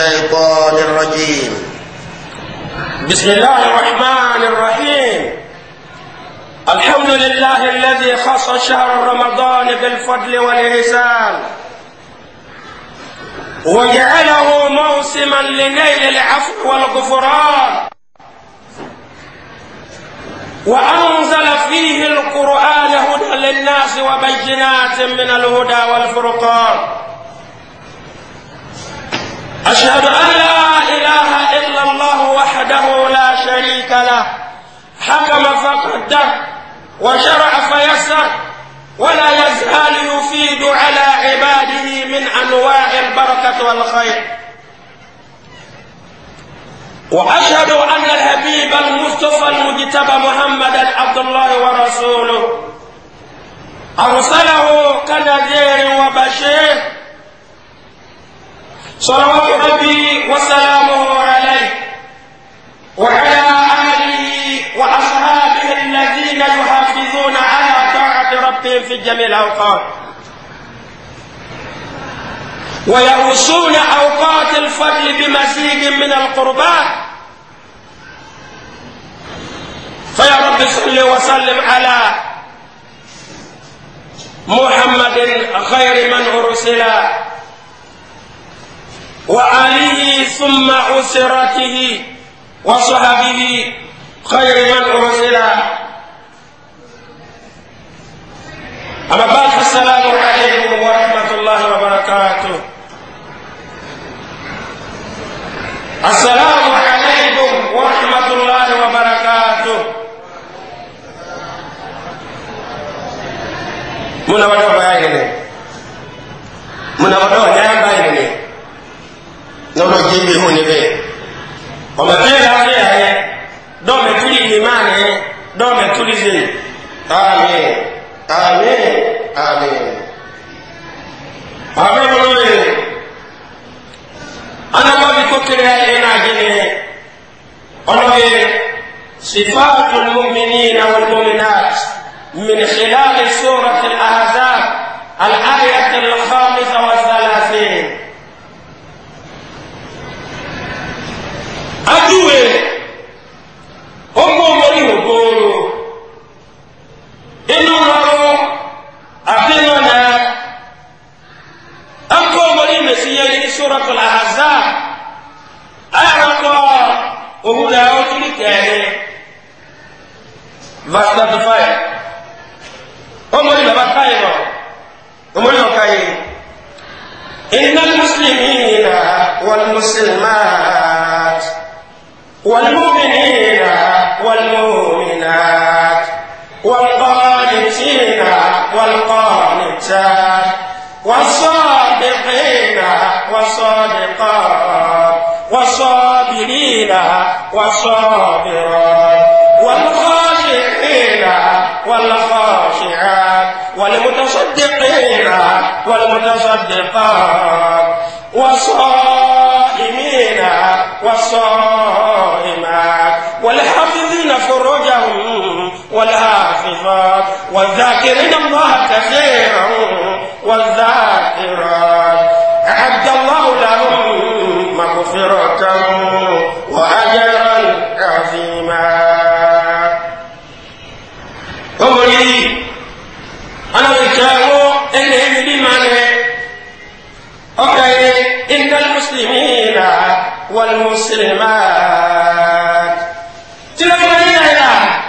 الشيطان الرجيم بسم الله الرحمن الرحيم الحمد لله الذي خص شهر رمضان بالفضل والإحسان وجعله موسما لنيل العفو والغفران وأنزل فيه القرآن هدى للناس وبينات من الهدى والفرقان أشهد أن لا إله إلا الله وحده لا شريك له حكم فقدر وشرع فيسر ولا يزال يفيد على عباده من أنواع البركة والخير وأشهد أن الحبيب المصطفى المجتبى محمدا عبد الله ورسوله أرسله كنذير وبشير صلوات ربي وسلامه عليه وعلى آله وأصحابه الذين يحافظون على طاعة ربهم في جميع الأوقات ويأوصون أوقات الفضل بمزيد من القربات فيا رب صل وسلم على محمد خير من أرسل وآله ثم أسرته وصحبه خير من أرسل أما بعد السلام ni bɛ ɔmɛ tuli la ne yɛrɛ dɔmɛ tuli imaani dɔmɛ tuli ze amen amen amen abe bolo ye anaba bi ko kiri ya ye na ye ne ɔlɔ ye sifatu mumini na wal muminat min khilali surati al ahzab al المسلمات والمؤمنين والمؤمنات والقانتين والقانتات والصادقين والصادقات والصابرين والصابرات والخاشعين والخاشعات والمتصدقين والمتصدقات والصابرين والصائمين والصائمات والحافظين فروجهم والحافظات والذاكرين الله مسلمات تلمني يا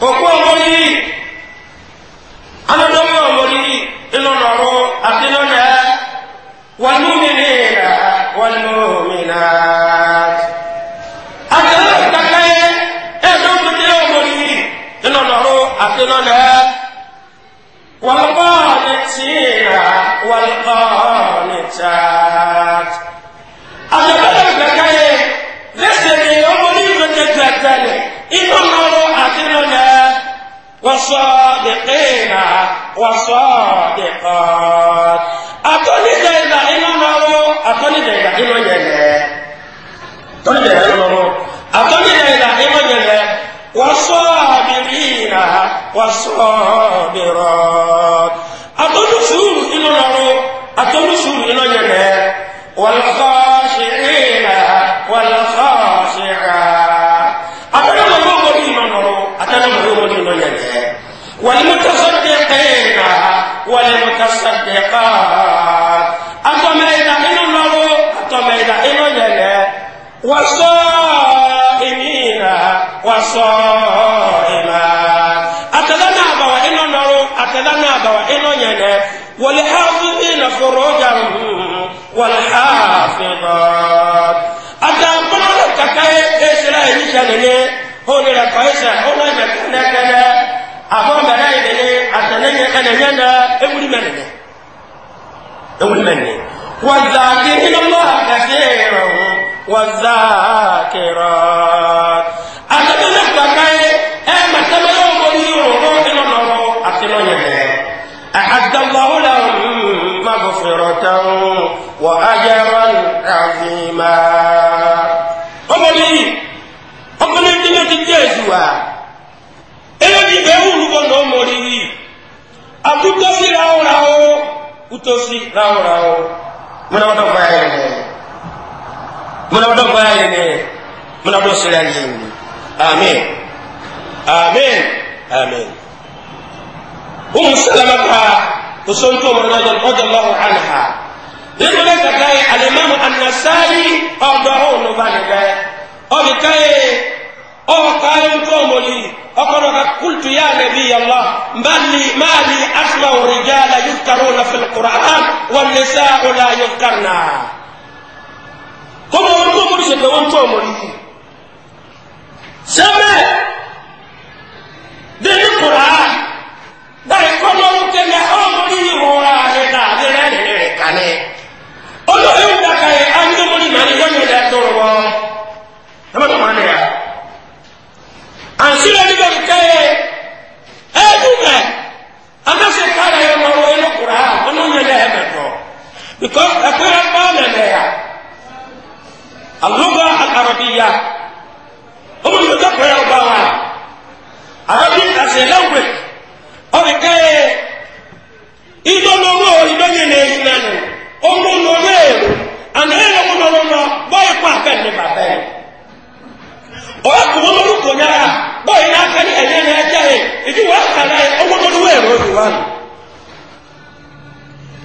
وكو مري انا دوم مري انو نورو ادينونا والمؤمنين والمؤمنات اكلوا تكاي ادوم ديو مري انو نورو ادينونا والقانتين والقانتات وصادقين وصادقات أتولي دينا إلا نورو أتولي دينا إلا يلا أتولي دينا إلا نورو أتولي دينا إلا يلا وصابرين وصابرات أتولي سور إلا نورو أتولي سور إلا يلا والغار صائما أتذنى أبوا إنو نرو أتذنى أبوا إنو ينه والحافظين فروجهم والحافظات أتأمنا لك كي إسرائيل شنني هون لك إسرائيل هون لك نكنا أبوا ملايين أتنني أنا ننا أمري منني أمري منني والذاكرين الله كثيرا والذاكرات وأجرا عظيما ọmọdéyìn ọmọdé tí wọ́n ti jẹ́ ìṣùwà eléyìí bẹ́ẹ̀ wù lùkọ́ náà mọ̀rí yìí àtúntòsí ráúráú útòsí ráúráú múnabọ́dọ̀ báyìí nìyẹn múnabọ́dọ̀ báyìí nìyẹn múnabọ́dọ̀ sílẹ̀ yìí ni amen amen amen. umu salama ta osontó mọ̀nàdọ̀ ọjọ́ lọ́wọ́ àná ha nínú bẹ́ẹ̀ kàkà yẹ alimami anasari ọ̀dọ̀ ọ̀hún ló bá nígbà yẹ ọ̀bì káyé ọ̀kàyé ńkọ́ mọ̀lì ọkọ̀dọ̀ ká kultu yá nàbí yàlla mbàlì máàlì asma òrìjà la yùkàrò na fil qur'an wà nisa ọ̀la yùkàrnà. kọ́mọ wọn kọ́ mọ̀lì sẹ̀kẹ̀ wọn sẹ́mẹ̀ dẹ́ni qur'an. because a amana na ya alluga al-arabiyya ya ọba wa arabic as a language ọmọ ká yẹ ìjọ na èyí náà nù ọmọ lọ́wọ́ èrò àná ẹ̀rọ ọmọ lọ́wọ́ bọ́ọ̀ ikú àfẹ́ ní bàbá yẹn ọ̀rọ̀ kò wọ́n lọ́wọ́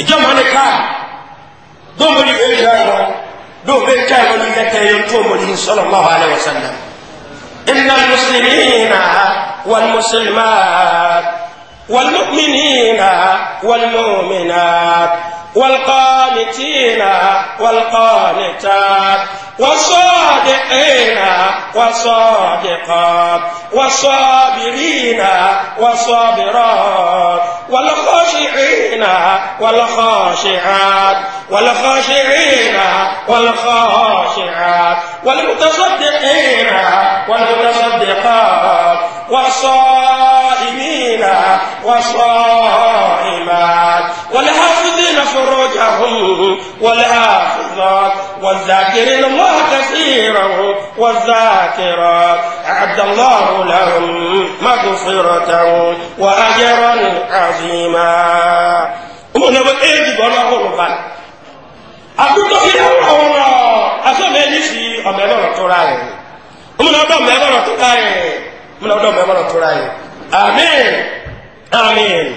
ìjọ mọ́ni ká dóòmù ní ìwé ìlà ìwà dóòmù ní ká ìwọ ní ìdẹ́kẹ́ yẹn tó mọ̀ ní sọ́lọ̀ mọ́ wa alẹ́ wọ̀sánná. inna muslimina wal muslimat wal mu'minina wal mu'minat wal qanitina wal qanitat. وصادقين وصادقات وصابرين وصابرات والخاشعين والخاشعات والخاشعين والخاشعات والمتصدقين والمتصدقات والصائمين والصائمات والحافظين فروجهم والحافظين الله والذاكرين الله كثيرا والذاكرات أعد الله لهم مغفرة وأجرا عظيما أمنا بأيدي بنا غربا أقول لك يا الله أسمع لي شيء أمنا نتوراي أمنا بأمنا نتوراي أمنا بأمنا نتوراي آمين آمين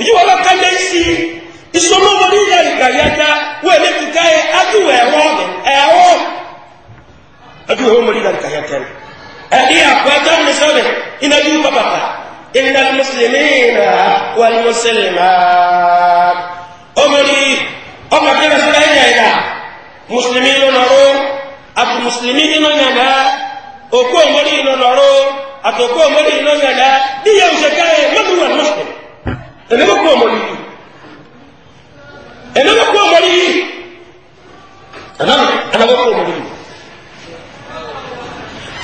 يقول لك ليسي ìsọmọ wọlé ìyá ìgbàyàjá wọ́n èlé ti káyẹ adúwò ẹ̀wọ́ ọ̀dẹ̀ ẹ̀wọ́ adúwò ẹ̀wọ́ mọ̀lẹ́ ìyá ìgbàyàjá ni ẹ̀dí àpẹẹjọ mùsùlùmí iná yín bàbàbà iná mùsùlùmí iná wà ní mùsùlùmá ọmọdé ọmọ akẹ́kọ̀ọ́ sọ́dọ̀ ẹ̀yà ìyá mùsùlùmí lọ́nọ̀rọ̀ àti mùsùlùmí lọ́nọ̀dá òkú ọmọdé lọ́nọ̀rọ̀ àti òkú ọmọdé lọ́nọ̀dá ɛnana kó ɔmɔdi yi ɛnana anabɔ kó ɔmɔdi yi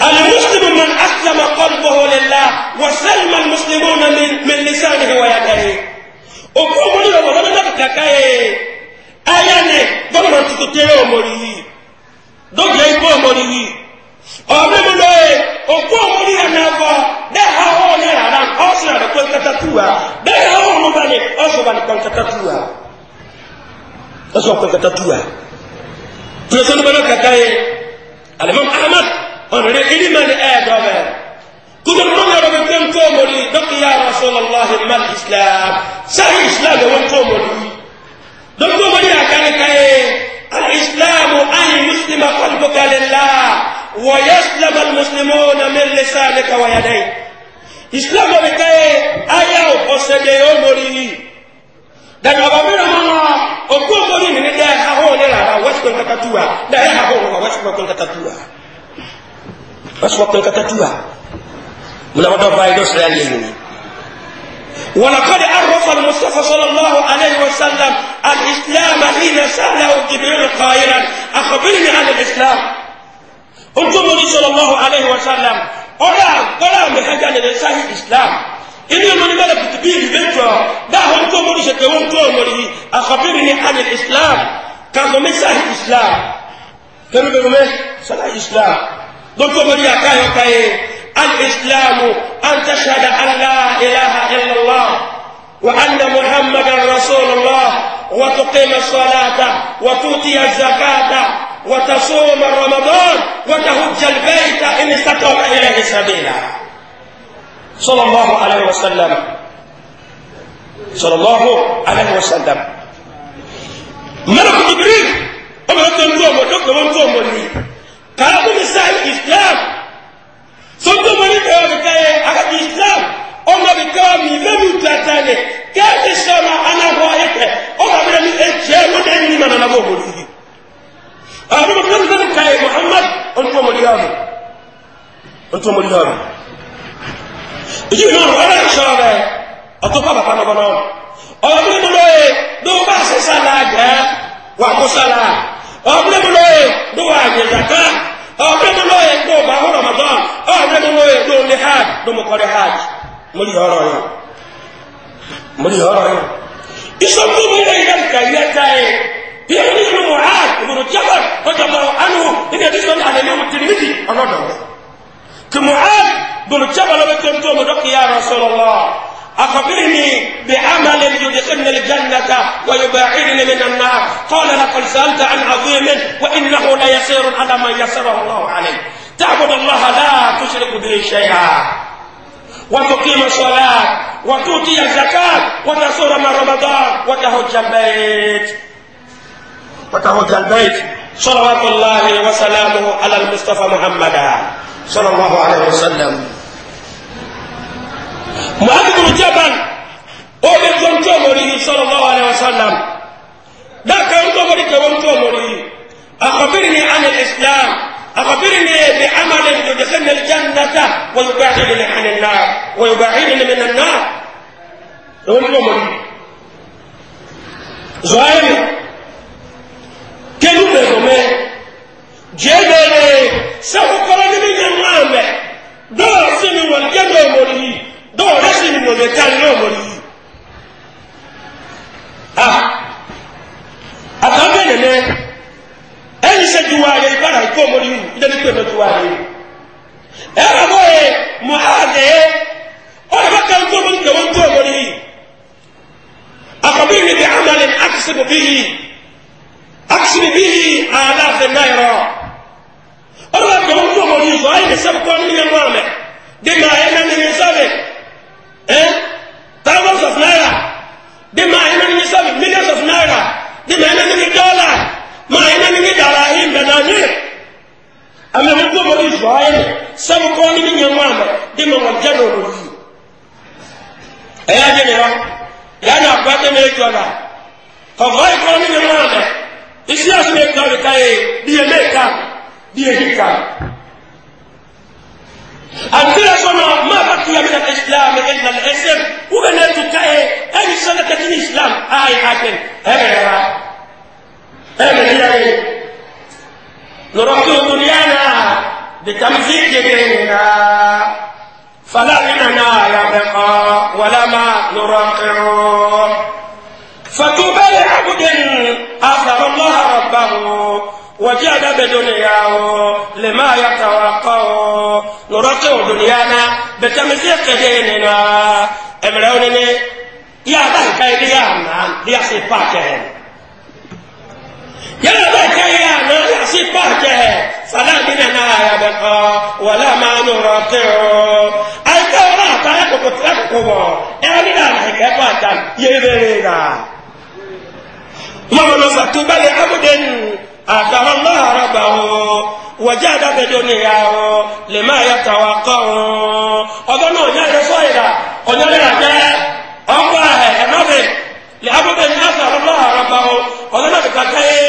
alimuslimu man asilama kɔlbɔhɔ lila wasalima muslimu na milisani wayadari o kó ɔmɔdi yɛ wɔlɔmɔ náà kaka yɛ ayani dɔgba tutu tere ɔmɔdi yi dɔgba yi kó ɔmɔdi yi ɔmɔdi lɔ yɛ o kó ɔmɔdi yɛ n'afɔ dɛ ha wɔn yɛ rara ɔsira de kɔnkata tuwa dɛ ha wɔn ba ni ɔsira de kɔnkata tuwa ɛsɛ ɔkɔ kata tuwa tuwa sɛ nobɛdɔ kaka ye alimam ahmad ɔnere ilima ni ɛyɛ dɔbɛ kutu nɔn yɛrɛ bɛ fɛn kɔ mɔli dɔki ya rasulallah mal islam sahi islam bɛ wɔn kɔ mɔli dɔki kɔ mɔli y'a kan ka ye al islam an yi muslima kɔlbu kalila wa yaslam al muslimu na min lisanika wa yadai islam bɛ ka ye a y'a o kɔsɛbɛ o dani ọba mi ràn mọ́ òkú òmòrí mi ní dẹ́ ahóhùn ní rárá wẹ́sùpẹ̀ nkatatuwa dẹ́ ẹ̀ ahóhùn wa wẹ́sùpẹ̀ nkatatuwa wẹ́sùpẹ̀ nkatatuwa múnabọ́dọ̀ báyìí ló sẹ́yà lé yìí ولقد عرف المصطفى صلى الله عليه وسلم الاسلام حين ساله جبريل قائلا اخبرني عن الاسلام قلت صلى الله عليه وسلم ولا ولا من حاجه لسان الاسلام إني من ملكت به ذكرى دعهم كمري شكوهم كمري أخبرني عن الإسلام كانوا مساح الإسلام كانوا بيقولوا صلاة إيه؟ الإسلام دول كمري أكاي أكاي الإسلام أن تشهد أن لا إله إلا الله وأن محمدا رسول الله وتقيم الصلاة وتؤتي الزكاة وتصوم رمضان وتهج البيت إن استطعت إليه سبيلا صلى الله عليه وسلم صلى الله عليه وسلم ملك جبريل ọmọ ẹgbẹ́ ń gbọ́ ọmọ ẹgbẹ́ ń gbọ́ ọmọ ni kàákùn ní sáà islam sọ́tọ́ mọ́ ní kẹwàá mi káyẹ àkàtì islam ọmọ mi káwàá mi lẹ́nu tata lẹ̀ kẹ́ẹ̀tì sọ́mà anáhọ́ ayẹ́tẹ̀ ọmọ mi lẹ́nu ẹ̀jẹ̀ ẹ̀wọ́dẹ́ ní mọ̀nà náà bọ̀ wọ̀lú yìí. àwọn ọmọ mi lẹ́nu káyẹ muhammad ọ̀nùtọ́mọ̀lì yàrá ọ̀nùtọ́mọ̀lì yàrá èyí yóò rọ ọlọ́dún sọ̀rọ̀ rẹ̀ ọtún bá bàbá nàbọ̀ náà ọdún múlò yẹ ló bá ṣe sálà gẹ́ wà kó sálà ọdún múlò yẹ ló wà àyè zàká ọdún múlò yẹ ló bá hó rọmọdán ọdún múlò yẹ ló ní hajj ló mú kọ́rí hajj mo ní ọrọ yẹn mo ní ọrọ yẹn ìṣòkú mi lè yẹ kàyé táyé yẹ kí ni mo hajj ìbùdó jábọ̀ ọjọ́ bọ̀ ánú ìdí ẹ̀dí sọ́ni àdéhùn تمعاد بن جبل بكم توم يا رسول الله أخبرني بعمل يدخلني الجنة ويباعدني من النار قال لقد سألت عن عظيم وإنه ليسير على ما يسره الله عليه تعبد الله لا تشرك به شيئا وتقيم الصلاة وتؤتي الزكاة وتصوم رمضان وتهج البيت وتهج البيت صلوات الله وسلامه على المصطفى محمدا صلى الله عليه وسلم معاذ بن جبل أولي زمتو صلى الله عليه وسلم ذاك يمتو مريك أخبرني عن الإسلام أخبرني بعمل يدخلني الجنة ويباعدني عن النار ويباعدني من النار ومتو مريه زهيري كنو بيزومي جبل سوف dɔw si mi wɔ jɛ n'o mɔri yi dɔw yɛrɛ si mi wɔ jɛ kari n'o mɔri yi ha a kan bɛ nɛnɛ ɛyi sɛ juwaare i b'a la i k'o mɔri yi i dɛmɛ k'o mɛ juwaare yi ɛ a b'o ye muhaade ye o de bɛ kan k'o mɔri kɛ o k'o mɔri yi a ko bi ni bi amalen akisibu bihi akisibu bihi ala fɛ n'a yɛrɛ ọba gbẹ̀wò ní ọmọ yìí sọ ayé ní sẹ́kọ̀ọ́ ní yẹn wà mẹ́ dèmà ayé náà ní yẹn sábẹ̀ ẹ́ thousands of naira dèmà ayé náà ní yẹn sábẹ̀ millions of naira dèmà ayé náà ní yẹn dọ́là mà ayé náà ní yẹn dàrà ayé gbẹ̀dà ní àmì ẹ̀mí gbọ́ bọ́lí sọ ayé ní sẹ́kọ̀ọ́ ní yẹn wà mẹ́ dèmà wọ́n jẹ́ ní ọmọ yìí ẹ̀yà jẹ́ mi rán yà ní àgbà tẹ́ mi jọ la kọ̀ọ̀kọ̀ ìkọ́ ní yẹn wà mẹ́ iṣẹ́ àti mi kọ́ دي هيكا أبدا شما ما بقي من الإسلام إلا الاسم وبنات كأي أي سنة تكين إسلام آي حاكم هيرا إيه هيرا إيه هيرا نركب دنيانا بتمزيق ديننا فلا مننا يبقى ولا ما نرقب وجعل بدنياه لما يتوقعه نرتو دنيانا بتمزيق ديننا امرونني يا بحكا يا مان يا سيباكه يا بحكا يا مان يا سيباكه فلا ديننا يبقى ولا ما نرتعه أنت ولا تعرف تتركه يعني لا نحكي فاتن يبرينا ما نصدق بل عبد أكرم ربه وجاد بدنياه لما يتوقع أظنوا يا رسول ọjọ́ náà jẹ́ ọgbà ẹ̀nọ́fẹ̀ lè abúlé ní àṣà ọlọ́wà ọ̀rọ̀gbà o ọjọ́ náà ti kàkẹ́ yé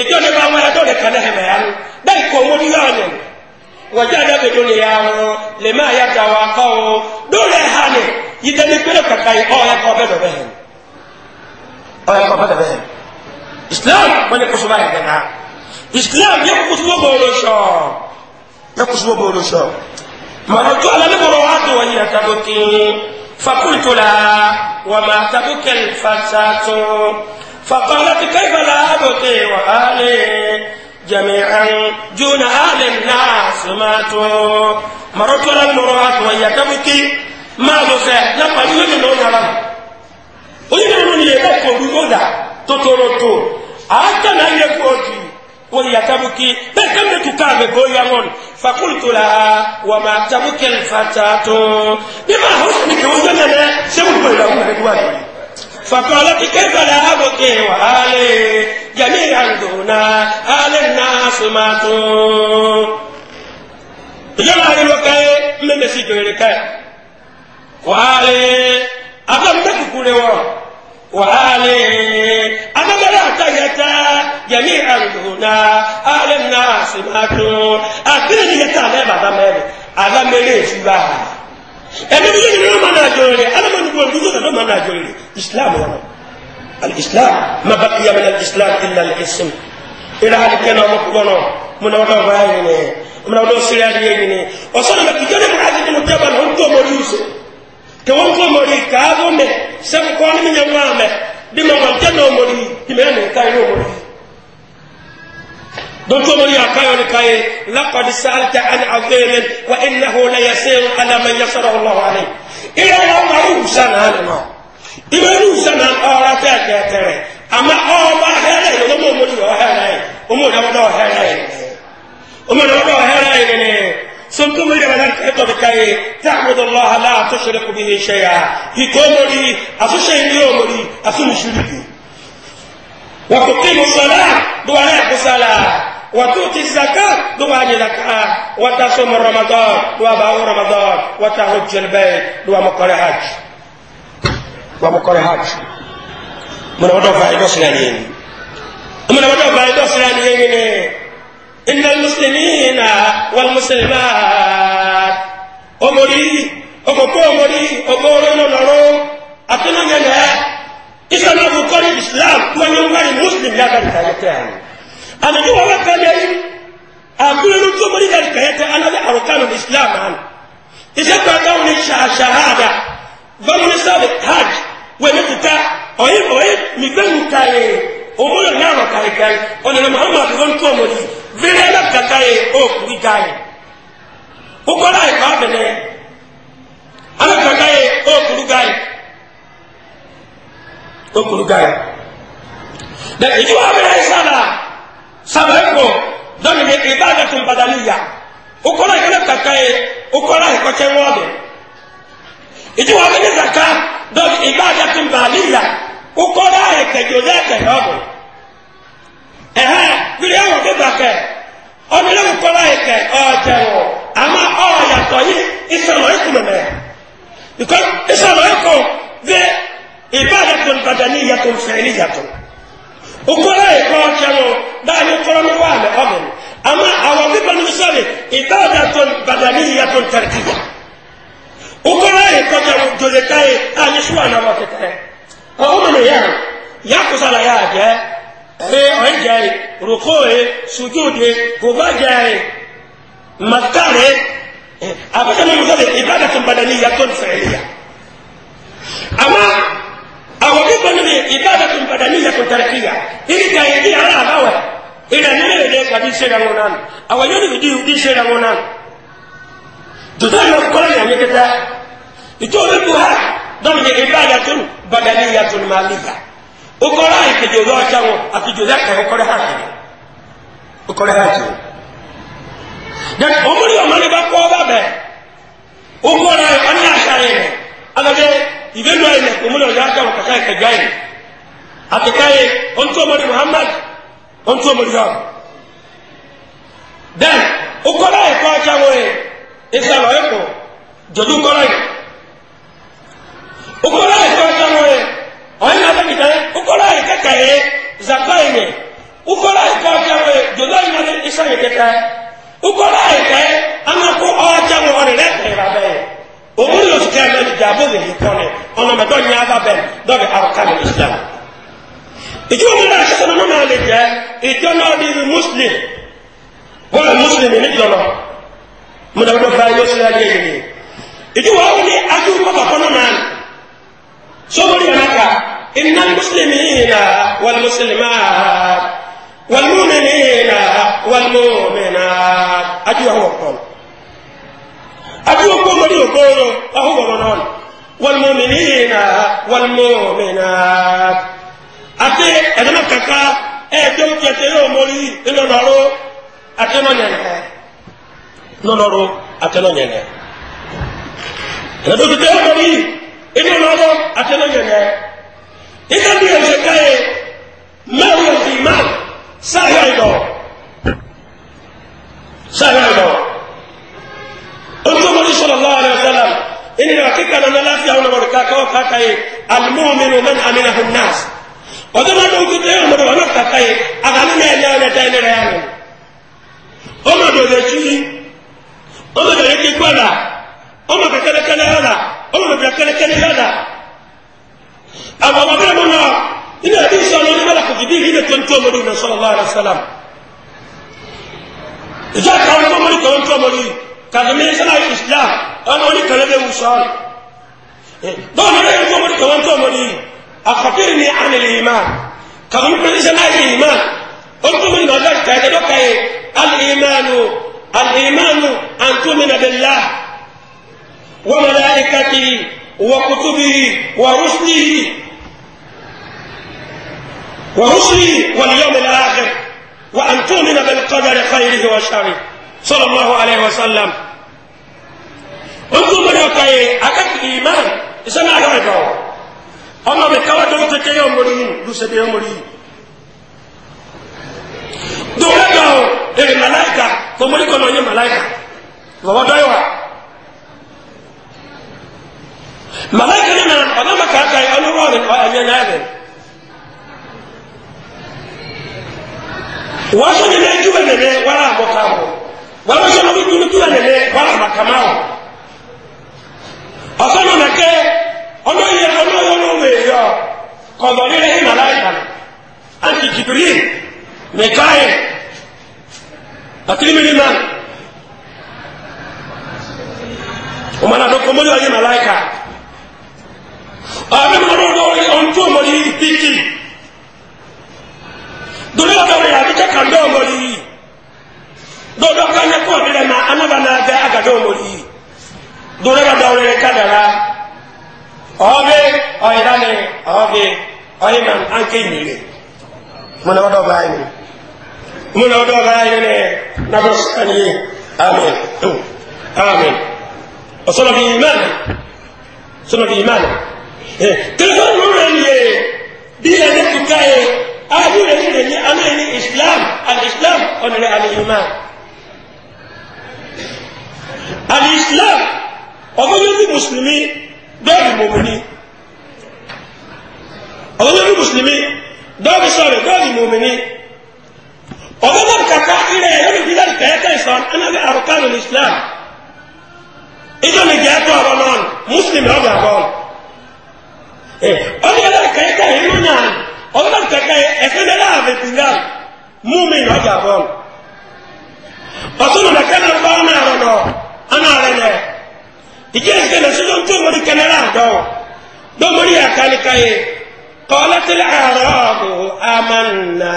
ìjọ ní bá wọn ẹjọ́ lè kàlẹ́ ẹ̀mẹ̀ yá ló bẹ́ẹ̀ kò wọ́n ní yọ̀ wọ́jà dẹ́gbẹ̀ tó lè wọn lè má yà dà kọ́ o lórí ẹ̀ha ni yìí islam wani kusuba ya gana islam ya kusuba bolo sho ya kusuba bolo sho mara to ala ne bolo wato wani ya tabuki fakultu la wa ma tabuki alfasatu فقالت كيف لا أبكي وأهلي جميعا دون أهل الناس ماتوا مرت على المرأة وهي تبكي ما نسى نقل to لها to يبكي بمدى تطرطوا hata na ile koti waliyatabki bekamne tukabe goya ngon fakultu laha wama tabuki alfatatu bima husnika wazanana shemukweila umedwani فقالت كيف لا أبكي وآلي جميعا دون آل الناس ماتوا يلا الوكاية من نسيج الوكاية وآلي أبا مدك كل وآلي أبا atayata yẹmi aluna alena asimato akiri ni yẹta alẹ baba mẹrin alamere efuba ẹni bí yẹn ni wọn máa nàjọ rẹ alamani bọ ndúgbò náà máa nàjọ rẹ islam wọn alislam ma bá islam illa alisim ìlà alikẹ́ náà wọ́n kúrọ́ náà mo bá yẹn ni mo náà wọ́n náà sílẹ̀ yẹn ni ọ̀sán náà kìjọ́ ní mọ̀ra yẹn ni náà ń tó mọ̀ ní ìṣe kẹwọ́n tó mọ̀ ní kàá bọ́ mẹ́ sẹ́kọ̀ọ́ mi yẹn wọ́n mẹ́ bí mo máa jẹ́ náà mọ̀rí ìmẹ́rin nìka yìí ó mọ̀rí. دكتور يا كايون كاي لقد سألت عن عظيم وإنه ليسير على من يسره الله عليه إلى يوم روسا أنا إلى روسا أنا أرى ترى أما أبا هلا يوم مريو هلا أمور أبدا هلا أمور أبدا هلا sọtúmọ̀ yàrá náà kẹ́tọ̀ ní káyé tí a gbọdọ̀ lọ àlá àtúnṣe kò ní í ṣe ya ìkó lórí àtúnṣe ìlú òmòrí àtúnṣe ìlú. wà kò kí mùsàlá ló wà náà kó sálà wà tó ti zaka ló wà ní zaka wà tá sọmọ ramadan ló wà bá wọn ramadan wà tá hó jẹlbẹ ló wà mọkọrẹ hajj. wà mọkọrẹ hajj. mọ̀nà wọ́n dọ̀ fà ẹ̀dọ̀ sílẹ̀ ni yẹn ni. mọ̀nà wọ́n dọ̀ fà ẹ̀dọ̀ sílẹ̀ ni yẹn ni. إن المسلمين والمسلمات أمري أكوكو أمري أمري نورو أتنا نجا إسلام أبو كوري الإسلام وأن يوغاري مسلم لا كان كايتان أنا جو ولا كايتان أقول لهم تمري كان كايتان أنا لا أركان الإسلام أنا إذا كانوا شهادة فمن سابق حج ومتى أويب أويب مبنو كاي أمور نعم كايتان أنا محمد فان كومري vele na kaka ye o kuri ga ye ukola ye ba bene ala kaka ye o kuri ga ye o kuri ga ye da iju wa bene sana sabe ko dɔnni ne ibada tun badali ya ukola ye na kaka ye ukola ye kɔcɛ wɔɔde iju wa bene zaka dɔnni ibada tun badali ya ukola ye kɛjɔ lɛ kɛjɔ bɔ ẹ̀hẹ́ bìrì ẹ̀wọ̀ bíbà kẹ̀ ọ̀bìrì nkọ́lá yìí kẹ̀ ọ̀jẹ̀wọ̀ àmà ọ̀yàtọ̀ yìí ìsọ̀lọ̀ ikú mẹ́mẹ́ because ìsọ̀lọ̀ ikú bí ìbáyàtọ̀ nbàdà ní ìyàtọ̀ nfẹ̀ ní ìyàtọ̀ nkọ́lá yìí kọ́ ọ̀jẹ̀wọ̀ báyìí nkọ́lá mi wà mẹ́ ọ̀mẹ́ni àmà àwọn bíbà ní sọ̀rọ̀ ìbáyàtọ̀ nbàdà ní ìyàtọ̀ nfẹ̀ ukora ye kɔjɔ jose ta ye a ɲɛsuwa na wa kɛ tɛ ɔ o mɛnɛ yɛ yakusala y'a jɛ re ɔyɛ gya yi roko yi suju de goba gya yi maka re abata mi musa de ibada tun bada ni yatɔ fɛɛli ya ama awɔki bɔ ne de ibada tun bada ni yatɔ tariki ya iri gya yi iri ala ala wɛ iri ani ne de ka di se la ŋo naani awɔ yɔni bi di di se la ŋo naani duta yɛ kɔlɔn yɛ ne kɛ taa ito bi bu ha dɔnku ibada tun bada ni yatɔ maali ya ukora ikije lwacha wo akije laka ukora haki ukora haki dan omuri omani ba ko ba be ukora anya share agabe ibelu ayi omuri oyaka wo kaka ka gai atakaye onto omuri muhammad onto omuri ha dan ukora ikwa cha wo isa lo eko e, jodu ukora ukora ikwa cha wo e, ọ̀nyà sẹ́mi tẹ́lẹ̀ ukọ́lá yìí kẹ́kẹ́ yìí zàkọ́ yìí ni ukọ́lá yìí kọ́ ọjà wọ̀ jọlọ́ yìí ni iṣẹ́ yìí kẹ́kẹ́ ukọ́lá yìí kẹ́ ama kó ọjà wọ̀ ọ̀rẹ́ rẹ̀ tẹ̀ ra bẹ́ẹ̀ òun ló ti kẹ́ lẹ́nu jà bó lè yí kọ́ ni ọ̀nà mẹ́tọ́ nyà bá bẹ́ẹ̀ dọ́bi arọ́kàlẹ̀ islam ìjọ mi náà ṣe sọ́nà náà lè jẹ́ ìjọ náà di muslim wọ́n muslim ní ìjọ náà mo dàgbà bá yóò ṣe ayé yìí ìjọ wa ó ní adúgbò kọ̀ọ̀kan إن المسلمين والمسلمات والمؤمنين والمؤمنات أجوا هو قول أجوا قول مريو قول أهو قولون والمؤمنين والمؤمنات أتي أنا كاكا أجوا كتير مري إلى نارو أتي من ينهى نارو أتي من ينهى أنا بقول كتير مري إلى نارو أتي من ينهى ina ndio zekae mawe ya imani sawa ndo sawa ndo Mtume sallallahu alaihi wasallam ini hakika na nafsi au na baraka kwa kakai almu'minu man aminahu an-nas wadama ndo kuteo ndo wana kakai agana na eneo na tena yangu ọmọ dọ̀dọ̀ ṣírí ọmọ dọ̀dọ̀ kí gbọ́dà ọmọ kẹkẹrẹkẹrẹ yọ̀dà ọmọ dọ̀dọ̀ kẹkẹrẹkẹrẹ yọ̀dà àwọn ọmọ bẹ́ẹ̀ mú náà nínú ẹ̀dí iṣẹ́ ọmọ onímọ̀ làkùnjì bí ìhìnà tó ń tó mọ́rí náà sọ́lọ́ láàrín sálàm ìjọ àkàwọn tó mọ́rí tó ń tó mọ́rí kàdùmí sọ́lá islam ọmọ oníkàlẹ́ bẹ́ẹ̀ wù sọ́ bọ́ọ̀lù bẹ́ẹ̀ tó mọ́rí tó ń tó mọ́rí àkọ́bìrì ni ànìlì ìmá kàdùmí pẹ̀lú iṣẹ́ láì ìmá olùkọ́mọ́rí náà dọ́kà ẹ̀ dọ́kà ẹ̀ alìmánu alìmánu àǹtó mi nà bẹ́ẹ̀ lá wọ́n mọ̀ وكتبه ورسله ورسله واليوم الآخر وأن تؤمن بالقدر خيره وشره صلى الله عليه وسلم انتم من يوكاي أكاك إيمان إسمع يوكاو أما بكوا دوتك يوم مريم دوسك يوم مريم دولا كاو إيه ملايكة فمريكو نوني ملايكة ووضعوا malaika ne na ɔna ma kaa kaa ɔno wɔ ne kɔ ɛnyɛ nyɛ ɛbɛn wɔso ne ne juba ne ne wala abɔ kaa hɔ wɔn so ne ne juba juba ne ne wala ama kama hɔ ɔsɔ no na kɛ ɔno yɛ ɔno yɛ ɔno wɔ yɛ kɔdɔ ne ne malaika anti jibiri mekae atirimiri man ɔmɔ na dɔkɔ mo yɛ ɔyɛ malaika àbí mọ̀rọ̀ lọ́wọ́ ọ̀n tó mọ̀ yìí bíkì dòdò ọ̀dọ́rẹ̀ yà bíkẹ́ kà dọ́ mọ̀ yìí dòdò ọ̀kánẹ́ kọ́ ọ̀dẹ́rẹ́ ma anábà náà bẹ́ àgàdọ́ mọ̀ yìí dòdò ọ̀dọ́rẹ̀ kádàrá ọ̀bẹ ọ̀yẹ̀dánì ọ̀bẹ ọ̀yẹ̀mọ̀ ànkẹ́ ìmìlẹ̀ mọ̀nà ọ̀dọ́ báyìí mọ̀nà ọ̀dọ́ báyìí nàbọ̀sánìyẹ amen kẹfẹ́ eh, ló rẹ̀ ni yẹ bí ẹni kíkà yẹ ayé rẹ̀ ni rẹ̀ ni alẹ́ ni islam and islam ọ̀nà rẹ̀ alẹ́ yìí máa alẹ́ islam ọmọ yóò ní mùsùlùmí bẹ́ẹ̀ ni mòmù ni ọmọ yóò ní mùsùlùmí dọ́ọ̀bù sọ̀rọ̀ dọ́ọ̀bù mòmù ni ọmọ yóò kàkà ilẹ̀ yẹn ní bílẹ̀ kẹ́kẹ́ ìsọ̀rọ̀ ẹnà bí àrùkálù islam ìjọba ìjẹ́ ẹ̀kọ́ ọ̀rọ̀ náà mùsùlùmí ọ̀gbà bọ́ọ̀lù ọ̀nà yẹn lọ́dọ̀ kẹ́kẹ́ yìí ló yàn ọ̀nà lọ́dọ̀ kẹ́kẹ́ yìí ẹ̀sẹ̀ lẹ́la àbẹ̀tì ńlá mú mi lọ́jà bọ́ ọ̀tún lọ́dọ̀ kẹ́kẹ́ lọ́dọ̀ ọ̀nà rẹ̀ lọ ọ̀nà rẹ̀ lẹ̀ ìjẹ́ ìṣẹ́ lọ sílẹ̀ tó mọ́rí kẹ́lẹ́ rà dọ́ dọ́mọ́rí àkàlíkà yìí kọ́lẹ́tìlẹ̀ àrọ́ọ̀bù àmàna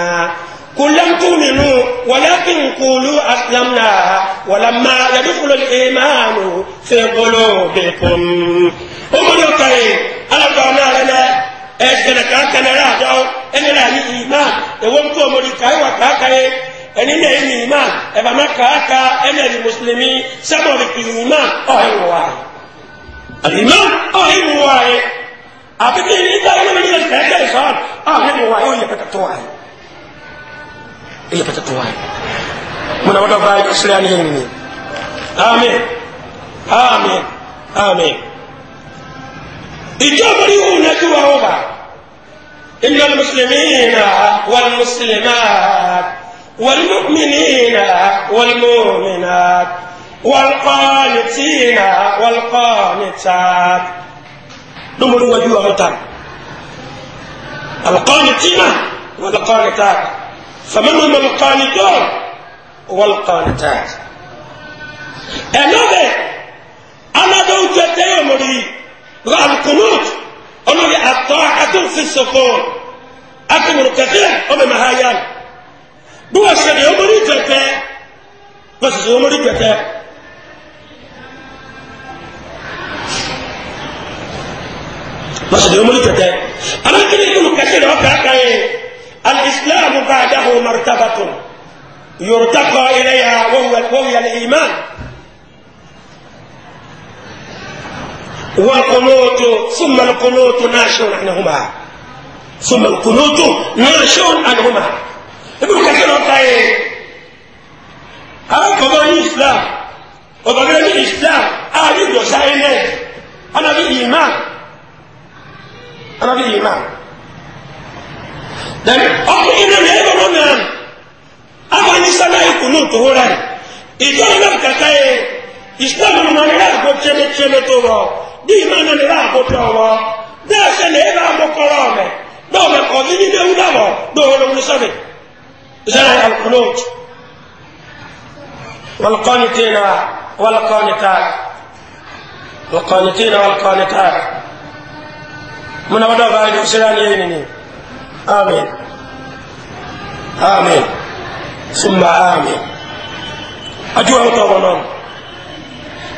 كلم تؤمنوا ولكن قولوا أسلمنا ولما يدخل الإيمان في قلوبكم أمريكا alaba naa lɛ nɛ ɛsɛnɛ kaa kɛnɛ la dɔw ɛnɛ la ni iman ewo mu k'o mori kaa wa kaa kaa ɛni ne ye ni iman ɛba ma kaa kaa ɛnɛ ni musulumi sɛbɔ bi kiri iman ɔhɛ wɔ wa ye iman ɔhɛ wɔ wa ye a bɛ kɛ ni ta ɛnɛ mi ni kɛkɛ sɔn ɔhɛ wɔ wa ye o yɛ pɛtɛ tɔ wa ye e yɛ pɛtɛ tɔ wa ye munna wata ba ye ka sira ni yɛ amen amen amen. بجبرون كبرها إن المسلمين والمسلمات والمؤمنين والمؤمنات والقانتين والقانتات نمر وجوه غلطان القانتين والقانتات فمن هم القانتون والقانتات أنا أنا دوجتي مريد القنوط قالوا لي الطاعة في السكون أكبر كثير أمي ما هايان بوا يوم يومري كثير بس يومري كثير بس يومري كثير أنا كده يكون كثير أكاكاي الإسلام بعده مرتبة يرتقى إليها وهي وهو الإيمان والقنوت ثم القنوت ناشئ عنهما ثم القنوت ناشئ عنهما ابن كثير قال هذا قضاء الإسلام وقضاء الإسلام أهل وسائل أنا بالإيمان أنا بالإيمان dan ọkọ inú ni ẹ lọ́nà náà afanisala ìkùnú tó rẹ̀ ìjọba kàkà yẹ ìsìlámù nínú ọ̀rẹ́ àgbo tiẹ́mẹ́tiẹ́mẹ́ tó rọ̀ imana ne ba ko towo da se ne ba mo korome do me ko ni de uda mo do lo ni sabe zara al qunut wal qanitina wal qanitat wal qanitina wal qanitat muna wada ga ni sirani yini ni amin amin summa amin ajuwa ko wonon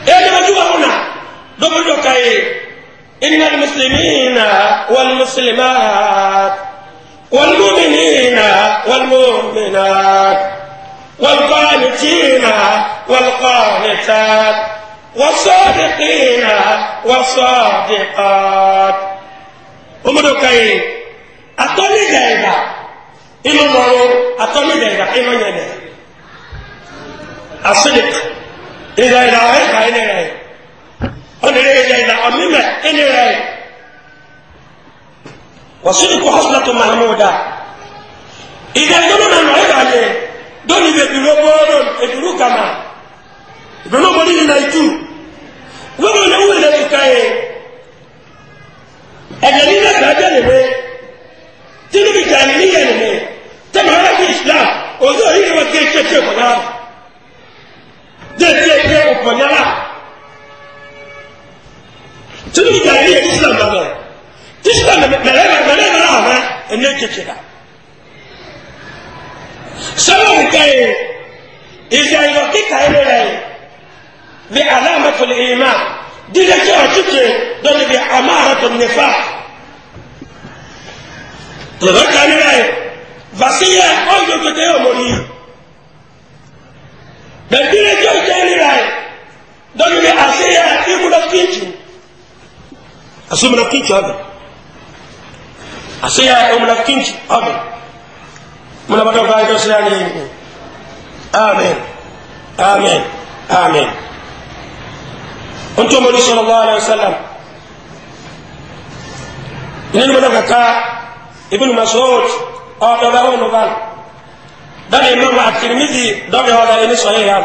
e ni ajuwa ona دوبل دوكاي إن المسلمين والمسلمات والمؤمنين والمؤمنات والقانتين والقانتات والصادقين والصادقات أمدوكاي أتوني دايما إنو مرو أتوني دايما إنو يدي الصدق إذا إذا عيش عيني ونريد إذا عممت إني وصدق حسنة محمودة إذا يوم ما نعيد عليه دوني بيبي kinchi ɔbɛ ase yɛ ɔmuna kinchi ɔbɛ muna bato kó ayélujára sira ni amen amen amen ntoma ni sallallahu alaihi wasallam nínú bàtà kàkà ibnu masoud ɔbɛ bá wọn nù báyìí dani imam atirimizi dɔbɛ ɔbɛ ɛni sɔlɔ yam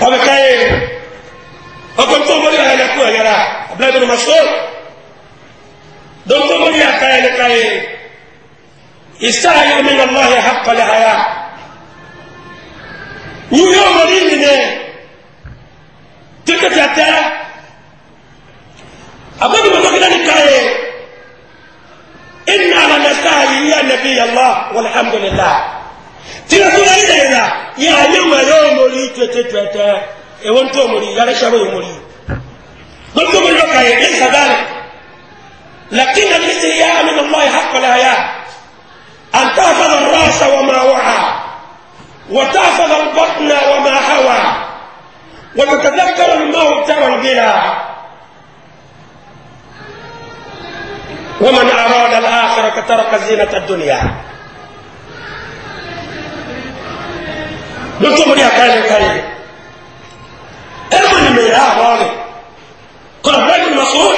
ɔbɛ káyé ɔkọ̀ ntoma ni ayé. ko yara abdullahi bin mas'ud don ko mun ya kai ne kai istahya min allah haqqa la haya ni yo mari ne tika ta ta abin da mutum gidan kai inna la nastahi ya nabi allah walhamdulillah tira sura ida ya ya yi ma yo mari tete tete e won to mari ya rasha mari ضمن لك ليس ذلك لكن الاستياء من الله حق الايات أن تحفظ الرأس وما وعى وتحفظ البطن وما هوى وتتذكر الموت والغنى ومن أراد الآخرة ترك زينة الدنيا نتمنى كان كريم إرمني من الله abdullahi bin masoud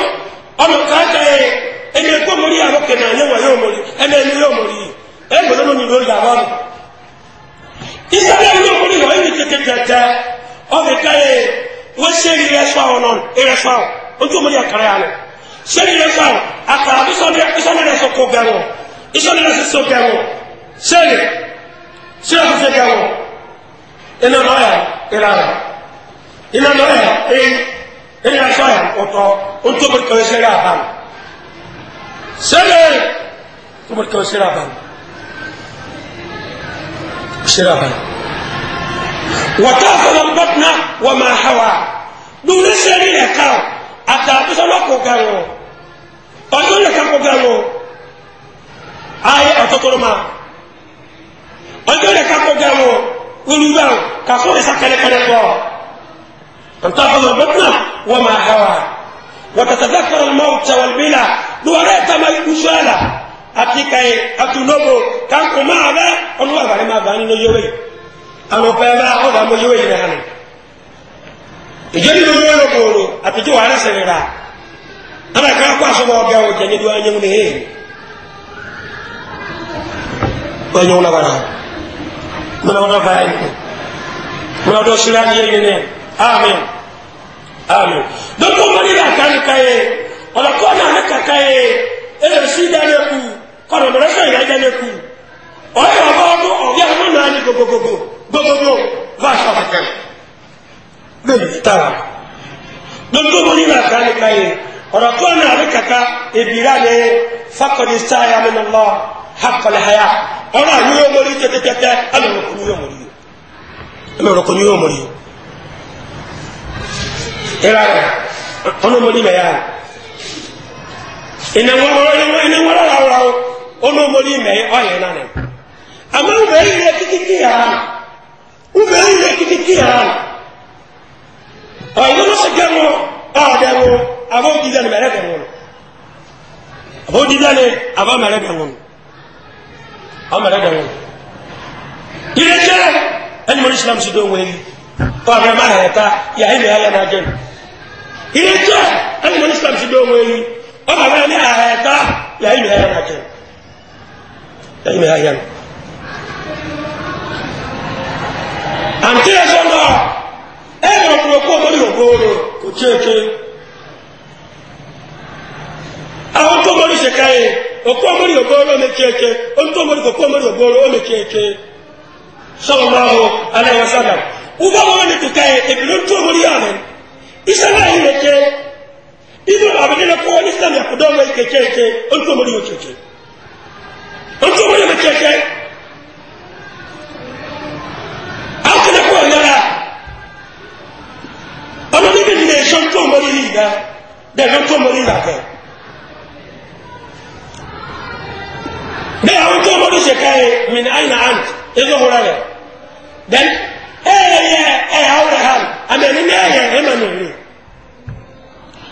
ọmọ káàkà yẹ ẹni ẹkọ mọ ní àwọn kẹnà ẹni wọn yóò mọ rí ẹni ẹni yóò mọ rí ẹ gbọdọ mọ ní lórí àwọn ọmọ ìsàlẹ̀ yóò mọ rí wọn ẹni tètè tètè ọmọ káyẹ wọn ṣe eré ẹsọ àwọn náà eré ẹsọ àwọn ojú ọmọ ní àkàrà yà lọ ṣe eré ẹsọ àwọn àkàrà ìsọdẹ ẹsọ kó bẹ wọn ìsọdẹ ẹsọ bẹ ɛyà sɔ yà nkɔtɔ ntòmòrì kẹwé sẹrẹ àbánu sẹrẹ ntòmòrì kẹwé sẹrẹ àbánu sẹrẹ àbánu wọtá fọlọ mbọtuna wọ máa ha wa dùnú sẹrẹ yẹ ká o àtà àbísọlọ kò ga o ọjọ yẹ ká kò ga o ayé ọtọtọrọ ma ọjọ yẹ ká kò ga o olùgbà o kà fún ìsàkẹlẹkẹlẹ bọ. أن تحفظ البطن وما هوى وتتذكر الموت والبلا دوريت ما يبشالا أتيكاي أتنوبو كان ما على الله غير ما باني نيوي أنا فما أخذ أمو يوي نهاني ìjọba ìwé olókoòrò àtijọ́ wàhálà sẹ̀rẹ̀ra ana kan kó asọ́mọ ọ̀gá wọn jẹ́ nídìí wọn yẹn ní hẹ́ẹ̀ wọ́n yẹn wọn lọ́wọ́ náà wọn lọ́wọ́ náà báyìí wọn lọ́wọ́ dọ́sílá yẹn yẹn náà amen amen donc mo ni da kan kaye ola ko na na kaye ele si da le ku ko no mo so ya da le ku o ya ba mo o ya mo na ni go go go go go go go va sa ba kan le ta donc mo ni da kan kaye ola ko na na kaka ebira le fakodi sa ya min allah haqqal haya ọ̀rọ̀ àníyàn mọ̀rí tẹ́tẹ́tẹ́tẹ́ alọ̀rọ̀kọ̀ níyàn mọ̀rí alọ̀rọ̀kọ̀ níyàn mọ̀rí ìrara ọ̀nà ọmọdé mẹ́yà ìnáwọ́rọ̀ làwọ̀rọ̀ ọ̀nà ọmọdé mẹ́yà ọ̀yẹ̀ náà àmọ́ ìbẹ̀rẹ̀ ilẹ̀ kíkíkí yàrá ìbẹ̀rẹ̀ ilẹ̀ kíkíkí yàrá ọ̀yẹ̀ ló ṣẹ̀kẹ́ wọn ọ̀dẹ̀ wọn àbọ̀ òdìdá ni mẹ́rẹ̀ bẹ̀ wọn àbọ̀ òdìdá ni àbọ̀ mẹ́rẹ̀ bẹ̀ wọn ọmọ mẹ́rẹ̀ bẹ̀ wọn ilé jẹ́ ẹni islam ṣe dó yìí ọ̀rẹ́ máa hẹ̀ ta yà ilé ayé máa jẹ́ ilé jẹ́ ẹni mo ní sàm sí dóhùn èyí ọba bẹ́ẹ̀ ní àhẹ̀ ta yà ilé ayé máa jẹ́ yà ilé ayé máa. àǹtí ẹ̀ sọ́nà ẹ̀ yọ̀ ọ̀pọ̀lọpọ̀ kó mórí ògbóòrò kò tí ì ké àwọn tó mórí ṣe káyé òkú mórí ògbóòrò mi uva mwana tukaye ebintu muri yale isana ileke izo abagene ko ni sami akudonga ikekeke onto muri omo ni muri yokeke akana ko ngara ama ni bi omo ni muri liga de onto muri lake de onto muri mina min na ant ezo izo horale then ɛyɛ ɛyɛ awore ha ama ɛni ni ɛyɛ ɛma na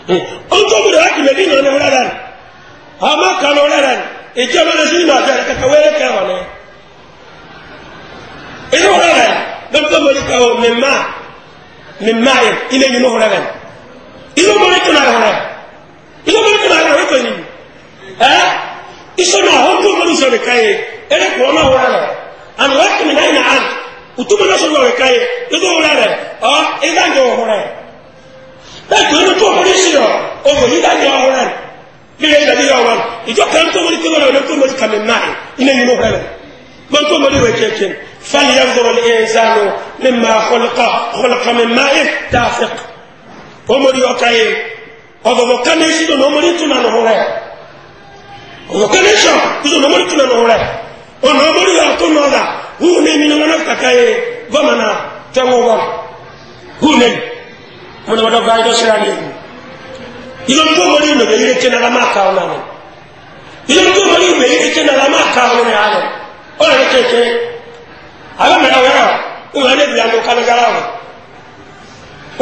ɛyɛ ɔntɔbi de wati mɛdi nyɔnu wura la ama kanu wura la ìjọ bɛ lɛsi ma jɔ kɛkɛ wɛrɛ kɛ wɔ lɛ ɛni wura la dɔkita mɔri ka o mɛ ma mɛ ma yɛ ina yi no wura la ina mɔri tuna la wura ina mɔri tuna la wura tɔni ɛ isɔnna ɔntɔbi sɔrɔ ka ye ɛni kɔn ma wura la ani wati mi na yi na utuma na sɔgbɔ wɛ kaye edo wura rɛ ɔ eda nyɛ wɔ wura rɛ bɛɛ tó ne tó wuli si rɔ o wò eda nyɛ wɔ wura rɛ mi yɛ dabi yɔ wɔ ìjọ kan tó wuli kéwà rɛ ne tó wuli kàmi náà yi ne nyina wura rɛ mɛ tó wuli wɛ kéèké fali yɛ zɔrɔ ni ee zanu ne ma xɔlɔkɔ xɔlɔkɔ mi ma ye taa fɛ o mori yɔ kaye ɔbɔbɔ kan esi do n'o mori tuna n'o wura rɛ ɔbɔbɔ kan esi hune minongana kakaye vamana tangoba hune muna madoga ido sirani ido mbo mali no yire chena la maka onane ido mbo mali no yire chena la maka onane ale ona keke ala mera wera unane bya no kana galawo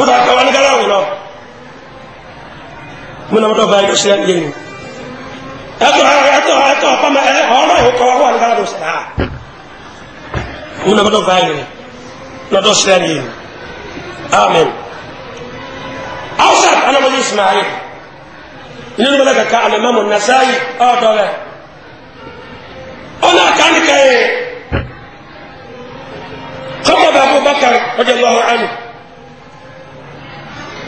oda ka wan galawo no muna madoga ido sirani ato ato ato pama eh ona ko wa wan galawo sirani من بدو فاني ندو سري امين اوسر انا بدي اسمع عليك انو بلاك كا على امام النسائي أعطى لا انا كان كاي خطب ابو بكر رضي الله عنه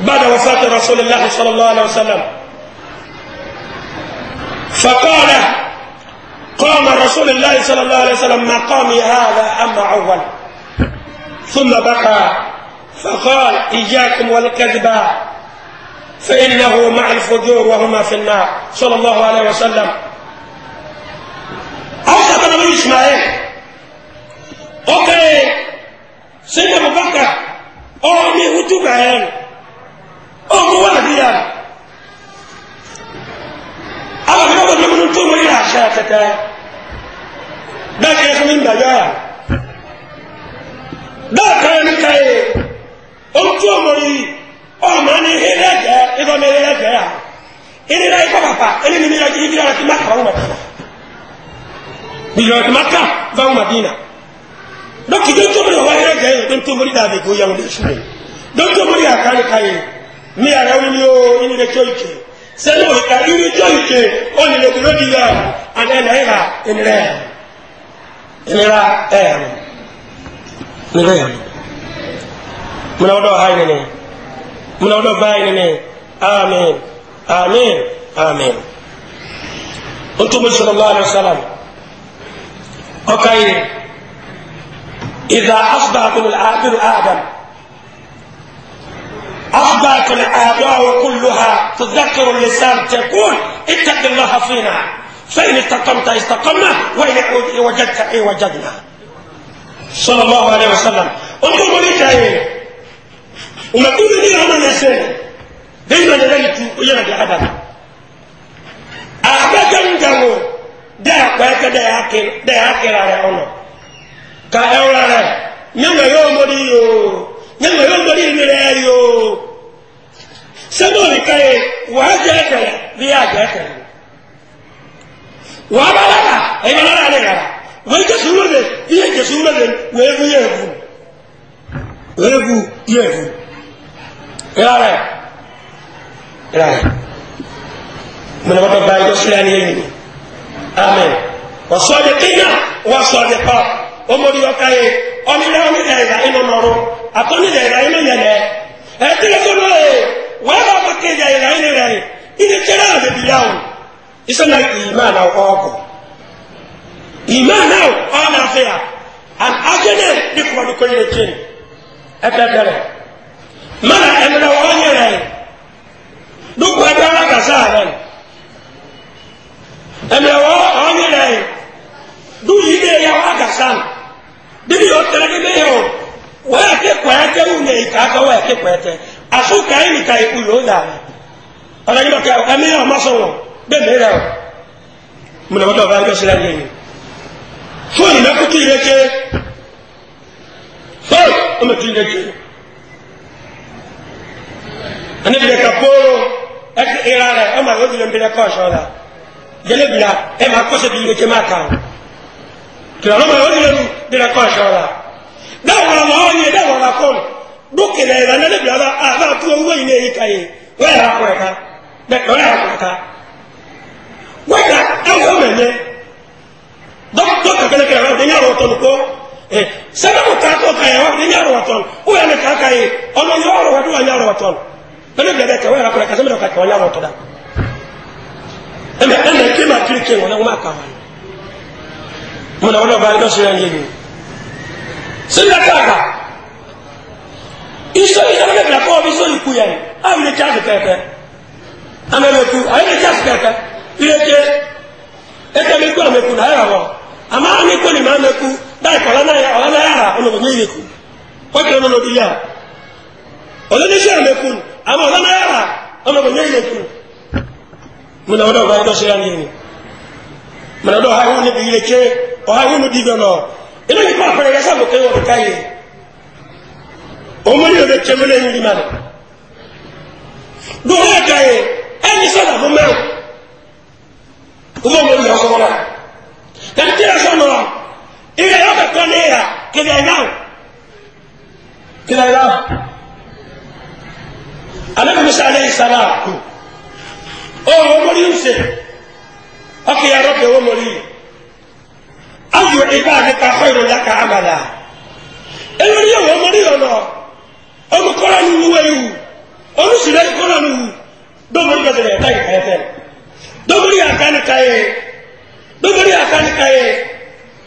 بعد وفاة رسول الله صلى الله عليه وسلم فقال قام رسول الله صلى الله عليه وسلم مقامي هذا أما أول ثم بقى فقال إياكم والكذب فإنه مع الفجور وهما في النار صلى الله عليه وسلم أوصف نبي إسماعيل أوكي سيدنا أبو بكر أو أمي أو مولد àwọn mi ọ̀dọ̀ mímú tó mú yà àṣà tẹ̀tẹ̀ bẹ́ẹ̀ kí ẹ fún mi ń dàgbà bẹ́ẹ̀ kọ́ ẹni káyé ohun tó mọ̀ yìí ọmọ ni eré ẹ̀jẹ̀ ibà mi eré ẹ̀jẹ̀ yà eré ẹ̀jẹ̀ ikọ̀ pàpà ẹni mi nílẹ̀ ibi yàrá ti má kà wọ́n màdínà ìyọ̀rọ̀ ti má kà wọ́n màdínà dókítà tó mọ̀ wá eré ẹ̀jẹ̀ yìí tó mọ̀ ní dàbí ìgò yà wọ́n lè ṣùgbọ́n dókítà mọ̀ ní àkárí káyé ní àrà wíwí ó ní ilé tó ìkẹ́ sẹ́yìn òrìkà irú ijó ìṣe onílòkúrò di yẹ àná ẹ̀nà ìnira ìnira ẹ̀rù ìnira ẹ̀rù múnáwọ́dọ̀ ha ìnìní múnáwọ́dọ̀ bá ìnìní amen amen amen ntúmọ̀sọ̀rọ̀ lọ́wọ́ sálàm ọkà ìdá asùbà àbúrò àdàm. أخضعت الأعداء كلها تذكر اللسان تقول اتق الله فينا فإن استقمت استقمنا وإن وجدت إيه وجدنا صلى الله عليه وسلم انظروا لي وما تقول لي هم النسان دايما لديك يلا بأبدا أخبك مجمو دا كويك دا يحكي دا يحكي رأي أولا كأولا رأي نعم يوم دي nyɛma yɔ ŋmɛri yi nyɛrɛ yɛ yoo sɛmo ni ka ye waa jɛ kɛlɛ bi y'a jɛ kɛlɛ waa ba la la ayi ba la la ale yɛrɛ wa i jɛsu wolo de i ye jɛsu wolo de wa e bu yɛ bu wa e bu yɛ bu yɛrɛ yɛrɛ yɛrɛ mɛnɛbatɔ baa yi ko siran ye ɲini amen wa sɔɔ de kenya wa sɔɔ de pa o mɔdi yɔ ka ye ɔni lɛ ɔni lɛ yɛrɛ i nɔ nɔrɔ atoni da irai men ne e ti le so no e wa ba ba ke da irai ne rai ine kera da bi yawo isa na iman au ogo iman au ana fia an ajene ni ko ni ko ni kin e ta kare mana en na wa ne rai du ko da na ka sa ran en na wa ne rai du yi de ya wa ka san bibi o tere de me yo wọ́n yà ké kwan tẹ wù ní ìka kan wọ́n yà ké kwan tẹ àsùnkà yìí nìka ikú yóò dà rẹ̀ ọ̀rọ̀ yìí lọ́kẹ́ ẹ̀mí yà ọmọ sọ̀rọ̀ bẹ́ẹ̀ mi rẹ̀ ọ̀ múlẹ̀ wọ́n tó ọba ẹgbẹ́ sílẹ̀ yẹn fóònù mẹ́kú tí ilé ké fóònù ọmọ tí ilé ké ẹni bìrẹ̀ ká póró ẹkẹ ìra rẹ̀ ọmọ àwọn òbílẹ̀ bìrẹ̀ kọ́ ọ̀ṣọ́ la yẹlẹ bìrẹ̀ ẹ máa kọ́ dáwọ̀rọ̀ lọ́wọ́ yẹ dáwọ̀rọ̀ kọ́ dókèlè ìlànà níbi ọ̀dà àbá tó owó yìí lẹ́yìn ká yẹ wẹ́ẹ̀rẹ̀ akọ̀ ẹ̀ka wẹ́ẹ̀rẹ̀ akọ̀ ẹ̀ka wẹ́ẹ̀ka ẹ̀wọ̀ mẹ́mẹ́ dókè kẹlẹ́kẹlẹ́ rẹ̀ ní yàrá ọ̀tọ̀ nìkó sẹ́dọ̀mù káàkó ká yẹ wọ́n ní yàrá ọ̀tọ̀ ó yà ní káàkà yẹ ọmọ yàrá ọ̀tọ̀ wà yàrá ọ̀tọ̀ ẹni bẹ̀rẹ̀ kẹ wẹ́ẹ̀rẹ̀ akọ̀ ẹ̀ka sẹ́mi dọ̀ka kẹ wọ́n yàrá ọ̀tọ̀ dà ẹ̀mẹ̀ ẹ̀mẹ̀ kí sinna kaka iso iso ne bila kɔ bi so iku yɛ aw le tia se pɛpɛ an bɛ mɛ ku aw le tia se pɛpɛ ile tse ete mi ku ame ku na yɛrɛ wɔ ama ami ko ni ma ame ku da ikɔ ɔlɛ n'ayɛ ɔlɛ n'ayɛ ara ɔlɛ n'oye ye ku kɔtɔ n'ɔlɛ bi ya ɔlɛ ne se ame ku ama ɔlɛ n'ayɛ ara ɔlɛ n'oye ye ku muna wɛrɛ wɛrɛ dɔ se ya ni ye muna dɔ ha iwu ne bi ile tse ɔha iwu nu di bɛ nɔ ina ni kɔrɔ fana yasa mɔkɛ wɔrɔ ka ye o mɔni yɛrɛ cɛmɛlɛ yi ni ma dɛ dɔw yɛ ka ye ɛni sɔnna mo mɛ o ma mɔni yɛrɛ sɔgɔ la nka n tɛna sɔn nɔrɔ i yɛrɛ yɛrɛ ka tɔn ne yɛrɛ kɛlɛ yɛrɛ o kɛlɛ yɛrɛ o ale bɛ musa ale yi sara o o mɔni yɛrɛ se ɔkè yɛrɛ bɛ o mɔni yɛrɛ ayò ìbáàdìka ọ̀rọ̀ laka amala ẹ̀rọ yẹ wọ́n mọ́rí ọ̀nà ọmọ kọ́ra ni wú ewu olùsìlẹ̀ kọ́ra ni wú dọ́gbọ́n yóò tẹ̀lé ẹ̀ka ìka ẹ̀fẹ́ dọ́gbọ́n yóò aka nìka yẹ dọ́gbọ́n yóò aka nìka yẹ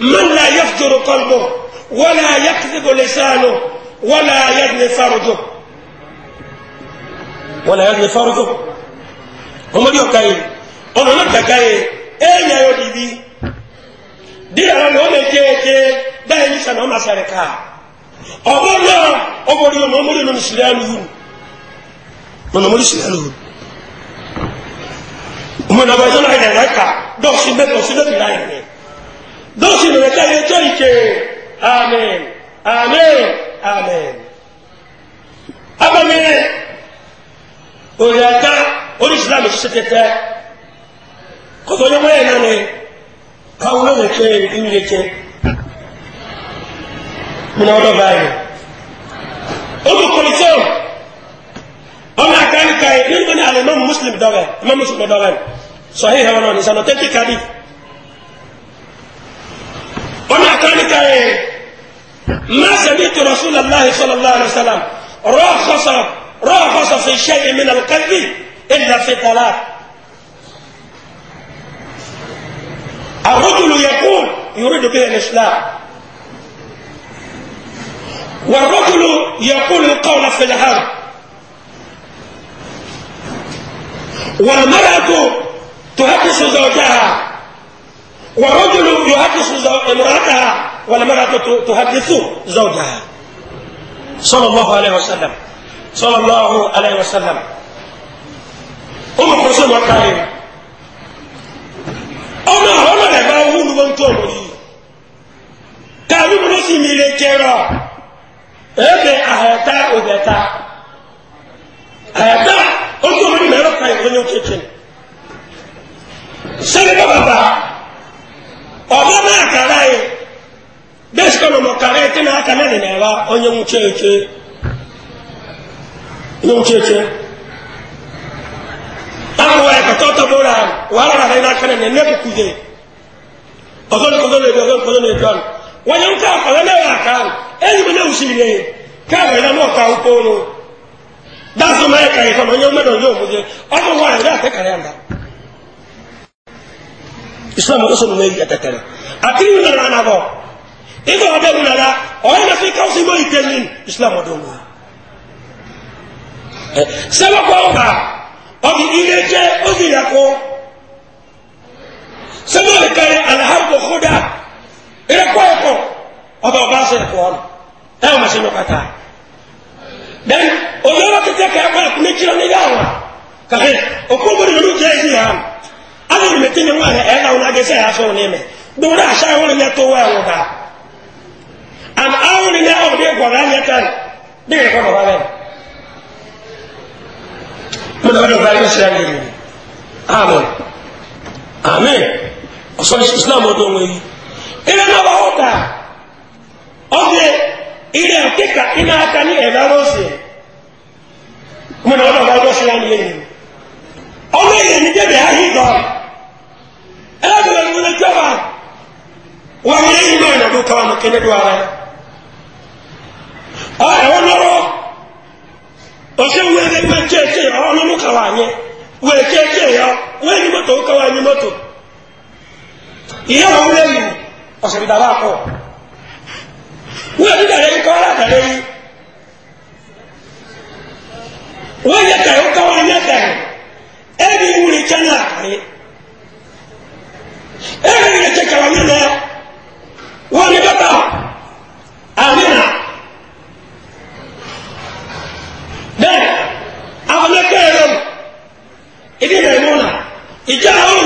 mmanla yẹfutoro kọlbọ wọlé ayẹkutiko lẹsàánù wọlé ayẹdìní farojo wọlé ayẹdìní farojo ọmọdé ọ̀ka yẹ ọ̀nà ọ̀nà kàkà yẹ ẹ̀yà yọ dìbí díyàrá ni ó lè jẹ́ ẹ̀jẹ́ bẹ́ẹ̀ ní sànà ọmọ àṣàrẹ̀ ká ọ̀bọ̀ náà ọmọ orí ọmọ orí ọmọ ìṣẹ̀lẹ̀ alùhù ọmọ orí ìṣẹ̀lẹ̀ alùhù ọmọ ìdàgbà ìṣẹ̀lẹ̀ ayẹyẹ rẹ̀ ká dọ́ọ̀sì mẹ́tọ̀ sí lẹ́tì láyé rẹ̀ dọ́ọ̀sì rẹ̀ ká yẹ tó ìké amen amen amen. abamire òyìnbá orí ìṣẹ̀lẹ̀ àmì ṣiṣẹ́ tẹ́tẹ́ kọ́tọ́ ní wọ́n yẹn kawo ne ke inge ke muna wada bayi odu kulisau ọmọ akari kai nínú ní alẹ́ mọ́mú muslim dọ́wẹ́ mọ́mú muslim dọ́wẹ́ sọ̀hí hẹ́wọ́n náà nìsan náà tẹ́tí kadi ọmọ akari kai ma sami tu rasulallah sallallahu alaihi wa sallam rọ́ọ̀kọ́sọ̀ rọ́ọ̀kọ́sọ̀ fi ṣẹ́yìn mi nà lọ́kàdì ìlà fi tọ́lá. الرجل يقول يريد به الإسلام والرجل يقول القول في الحرب والمرأة تهكس زوجها والرجل يهكس امرأتها والمرأة تهكس زوجها صلى الله عليه وسلم صلى الله عليه وسلم أم حسين وكريم أنا عمر ntó omori kàwé mo sì mi lè kẹrọ ẹbẹ ahẹta ọbẹta ahẹta ntó omori mẹrọ ka ìwọnyọ kékeré sẹni bá bàbá ọba náà kàrá yẹ bẹẹ sọ ma mọ kàrá yẹ kí náà kàrá yẹ nàá ọnyẹ mu kéèké ọnyẹ mu kéèké àwọn ẹ̀ka tó tọ́ bó ra wàhálà rẹ̀ náà kàrá yẹ nẹ́ẹ̀kú kúndé ọgọ́dọ̀ kọ́dọ̀ èdè ọgọ́dọ̀ kọ́dọ̀ èdè ọ̀nà wọ́n yẹn ń ká ọ̀rẹ́ mẹ́wàá kan ẹ̀yìn mẹ́lẹ́ òsì rẹ̀ káàrẹ̀ náà náà ká ọkọ̀ ọ̀nà dáàtọ̀ máa ẹ̀ka ìfọ̀n ọ̀nyẹ́ mẹ́rin yóò mú jẹ ọmọ wa rẹ̀ náà tẹ́kàrẹ́ àná. islam ọ̀sọ̀ mi lẹ́yìn ẹ̀tẹ̀tẹ̀rẹ̀ àti ìwé nàrà nà bọ̀ ìgbà ọ̀dẹ́ wù nàrà ọ̀rẹ́ náà fi káwọ́sì mọ́ ìtẹ́ ní islam ọ̀dọ̀ wù. sẹ́wọ́n kọ́ ọ̀gá ọ̀gì ilé jẹ́ ó sì yà kó sẹ́nu lè ka yẹ alihamdu kódà eré kọ́ ẹ̀kọ́ ọba ọba aṣọ ẹ̀kọ́ ọ̀nà ẹ̀ ọmọ ṣe ní pátá dẹ́n olóró kẹtẹ kẹ ẹ̀kọ́ ẹ̀kọ́ méjìlá ní yàrá kàkẹ́ òkú omi nínú jẹ́ ẹ̀sìn yàrá alẹ́ ìmẹ̀ tí ni wọ́n ẹ̀ ẹ̀ náà ọ̀nàgẹ́ sẹ́ ẹ̀yàsọ̀ ní ẹ̀mẹ̀ gbọmọdé àṣà ẹ̀wọ̀n ni ẹ̀tọ́ wọ́ ẹ̀wọ̀n dà and àwọn ni ẹ̀ ọ̀dẹ́ gbọ̀dọ̀ ẹ̀ tán bí ẹ̀kọ́ bàbá bẹ́ẹ̀ mo lọ́dọ̀ bá yẹn ṣe ẹ̀ ní ìlú amen amen ọ̀sọ́rí islam ọdún wọn yìí ilé náà wà hóta ọdẹ ilé kíkà iná aka ní ẹ̀dá lọ́sẹ̀ mo náà wọ́n náà wọ́n ṣe láti lẹ́yìn ọmọ èyí ní jẹ́bi ahí dọ̀ ẹlẹ́gbẹ̀rẹ̀ ní wọ́n jọba wọ́n mi lẹ́yìn náà ìnàdó káwọn ọmọ kẹ́lẹ́ dùn ara ọ ẹ̀wọ́n lọ́rọ́ ọ̀sẹ̀ wẹ́ẹ́dẹ́gbẹ́ kẹ́ẹ̀kẹ́ ọ̀ ọ́nà mú káwọn àyẹ wẹ́ẹ́ kẹ́ẹ̀kẹ́ yọ wẹ́ẹ́ ní mọ́tò káwọn àyẹ mọ́tò ìyá wọn wúlẹ̀ yìí ọ̀sẹ̀ bí bàbá kọ̀ wọ́n yẹ dàrẹ́ yìí kọ́ ọ́rẹ́ dàrẹ́ yìí wọ́n yẹ dàrẹ́ yìí kọ́ ọ́rẹ́ yẹ dàrẹ́ ẹ̀rí wúri kyẹ́nà àkàrẹ́ ẹ̀rí yẹ kyẹ́ kàwá mi nà wọ́n ní bàbá àmì nà bẹ́ẹ̀ àwọn ẹgbẹ́ yẹn lọ́mù ìdí yẹn mú nà ìjà àwọn.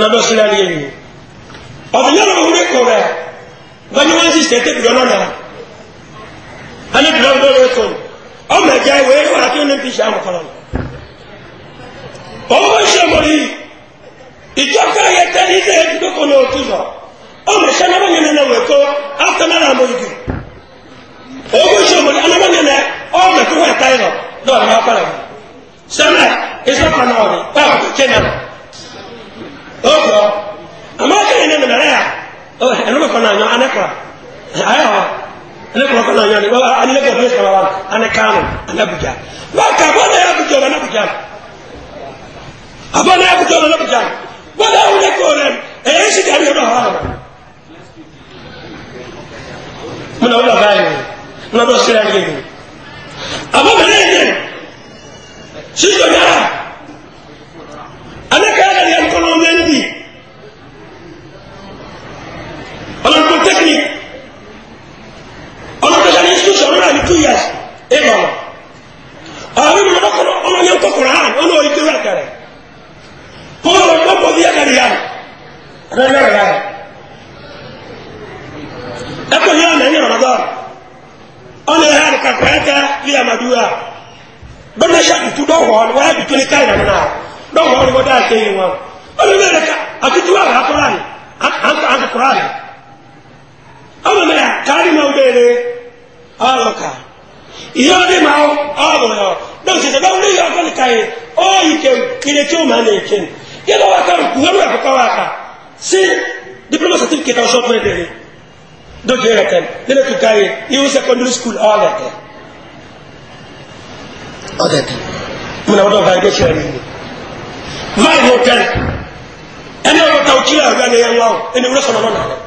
lọ́dọ̀ sílẹ̀ rí ẹ̀yìn ọ̀dùnyẹ́rọ̀ òun kò rẹ̀ wọ́n ní wọ́n sì ṣe tẹ́kùrọ̀ lọ́nà anábìlẹ̀ ọ̀dọ́ rẹ̀ kò ọmọ ẹ̀jẹ̀ ìwé wà kí ó ní fi ṣe àmọ̀kọ̀rọ̀ òun wọ́n ṣe mọ̀ yìí ìjọba yẹ tẹ́lẹ̀ ilé ẹ̀dúgbò kan náà tó sọ ọmọ ẹ̀ṣẹ́ anábọ̀nyẹ̀nẹ̀ náà wẹ̀ kó afẹ́mẹ́rẹ́ àmọ̀ ìdù òun wọ́n ṣe mọ̀ yìí anábọ̀nyẹ̀nẹ̀ ọmọ ẹ̀kọ́ wẹ̀ táyọ̀ lọ́ọ̀rẹ́ ọkọ àmọ́ kẹ́yìn ní ẹ̀mẹ̀dàrẹ́ yà ẹ̀nùmọ̀ kan náà yọ anẹ́kọ̀ọ́ ayọ̀ wa anẹ́kọ̀ọ́ kan náà yọ ni wọ́n anẹ́kọ̀ọ́ fún ìsọ̀rọ̀ wa anẹ́kàánù anẹ́bùjá wọ́n kà bọ́ náà yàbùjá ọ̀rọ̀ anẹ́bùjá àbọ̀ náà yàbùjá ọ̀rọ̀ anẹ́bùjá wọ́n náà wọlé kó rẹ̀ ẹ̀yẹ́ sì dàbí ọ̀rọ̀ ọ̀rọ̀ àwọn. mo náà wọ́n bá yẹn mo náà bọ́ sílẹ̀ yẹn àbọ̀ bẹ̀rẹ̀ yẹn sísọ yàrá anẹ́kọ̀ọ́ yẹn kọ́ ọlọ́run tó tẹ́kìnì ọlọ́run tó yàrá institution ọlọ́run àmì two years ẹ lọ ọ̀rọ̀ mi lọ kọ́ ọmọ yẹn tó kọ̀ọ̀rọ̀ hàn ọlọ́run yìí tó yà kẹrẹ kọ́ọ̀rọ̀ ọ̀gbọ́n bọ̀ bí yà kẹrẹ yà rẹ lọ́rọ̀ yà rẹ ẹ kọ́ yà lẹ́yìn ramadan ọlọ́run yà rẹ kakọ̀ ẹ̀ ká bí amaduwa bẹ́ẹ̀ ṣe àkùtù dọ́wọ́ ọ̀nà wáyà bìtú ní káyọ̀ náà dọ́wọ́ ọ̀nà wọ́n dá àkẹ́yìn wọn ọlọ́run yà rẹ ká àkùtù wà rà á kọ́ra rẹ̀ á kọ́ra rẹ̀ ama mɛ kaari ma bɛrɛ ɔlɔ ka yɔri ma ɔlɔ yɔ dɔw ti sɛ dɔw ni yɔ kɔni ka ye ɔyi kɛm kiri tí o ma ne kɛm yɛlɛ wa kan ŋɔnu yɛ kɔkɔ wa kan si diploma certificate aw sɔkpɛ bɛrɛ dɔw ti yɛrɛ kɛm ne bɛ tu ka ye iwu secondary school ɔlɔ kɛ ɔlɔ kɛ mun na o dɔw ka ye bɛ tiɲɛ mi maa yi n'o kɛ ɛnɛ yɛrɛ ta o kiri a yɛrɛ ni yɛrɛ wa o ɛnɛ wuli sɔrɔ ma na dɛ